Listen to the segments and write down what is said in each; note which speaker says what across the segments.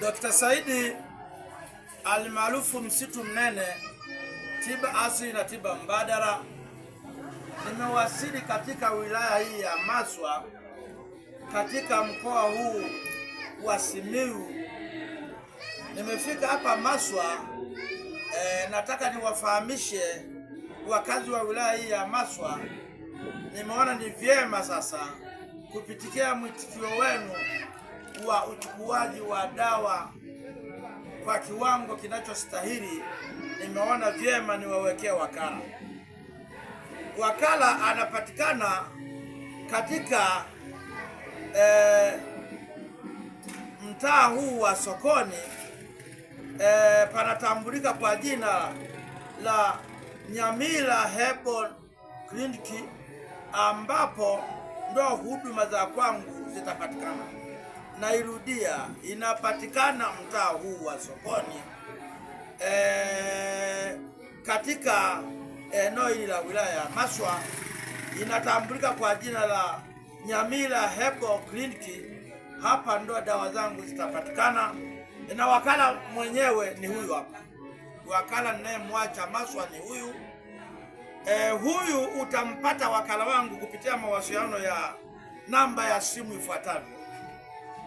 Speaker 1: Dr. Saidi almaarufu msitu mnene, tiba asili na tiba mbadala, nimewasili katika wilaya hii ya Maswa katika mkoa huu wa Simiyu. Nimefika hapa Maswa e, nataka niwafahamishe wakazi wa wilaya hii ya Maswa. Nimeona ni vyema sasa kupitikia mwitikio wenu wa uchukuaji wa dawa kwa kiwango kinachostahili, nimeona vyema niwawekee wakala. Wakala anapatikana katika eh, mtaa huu wa sokoni eh, panatambulika kwa jina la Nyamira Herbal Clinic ambapo ndo huduma za kwangu zitapatikana nairudia, inapatikana mtaa huu wa sokoni e, katika eneo hili la wilaya ya Maswa. Inatambulika kwa jina la Nyamila Herbal Clinic. Hapa ndo dawa zangu zitapatikana, na wakala mwenyewe ni huyu hapa. Wakala ninayemwacha Maswa ni huyu e, huyu utampata wakala wangu kupitia mawasiliano ya namba ya simu ifuatayo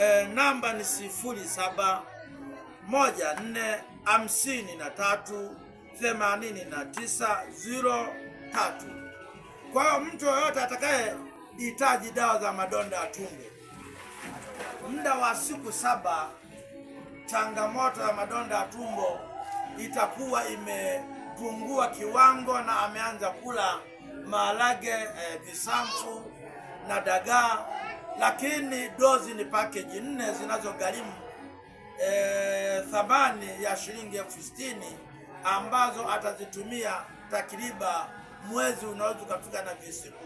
Speaker 1: e, namba ni sifuri saba moja nne hamsini na tatu themanini na tisa zero tatu. Kwa hiyo mtu yoyote atakaye hitaji dawa za madonda ya tumbo, muda wa siku saba, changamoto ya madonda ya tumbo itakuwa imepungua kiwango na ameanza kula maharage, eh, visamfu e, na dagaa lakini dozi ni package nne zinazogharimu e, thamani ya shilingi elfu sitini ambazo atazitumia takriba mwezi unaweza ukafika na visiku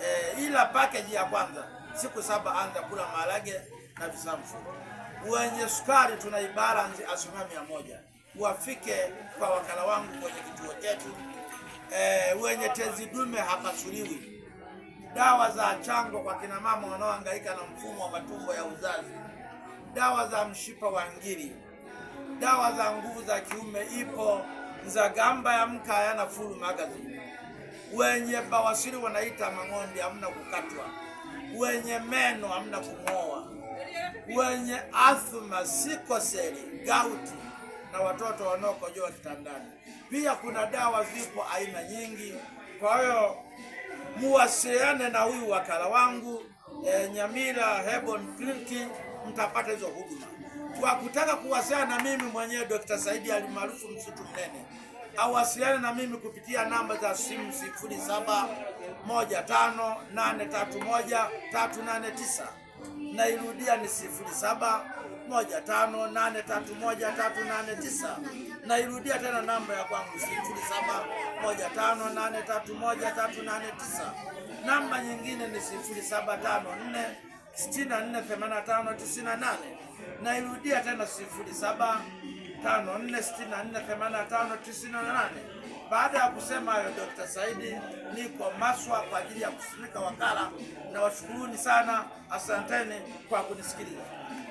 Speaker 1: e, eh, ila package ya kwanza siku saba anza kula maharage na visamfu. Wenye sukari tuna ibalansi asilimia mia moja wafike kwa wakala wangu kwenye kituo chetu. E, wenye tezi dume hapasuliwi dawa za chango kwa kina mama wanaohangaika na mfumo wa matumbo ya uzazi, dawa za mshipa wa ngiri, dawa za nguvu za kiume. Ipo Nzagamba ya mka hayana full magazine. Wenye bawasiri wanaita mang'ondi, hamna kukatwa. Wenye meno hamna kung'oa. Wenye athma, sikoseli, gauti na watoto wanaokojoa kitandani. Pia kuna dawa zipo aina nyingi, kwa hiyo muwasiliane na huyu wakala wangu e, Nyamira Hebon Clinic, mtapata hizo huduma. Kwa kutaka kuwasiliana na mimi mwenyewe Dr. Saidi alimaarufu Msitu Mnene, awasiliane na mimi kupitia namba za simu 0715831389 nairudia ni 07 moja tano nane tatu moja tatu nane tisa. Nairudia tena namba ya kwangu sifuri saba moja tano nane tatu moja tatu nane tisa. Namba nyingine ni sifuri saba tano nne sitini na nne themanini na tano tisini na nane. Nairudia tena sifuri saba tano nne sitini na nne themanini na tano tisini na nane. Baada ya kusema hayo, Dr. Saidi niko Maswa kwa ajili ya kusimika wakala, na washukuruni sana, asanteni kwa kunisikiliza.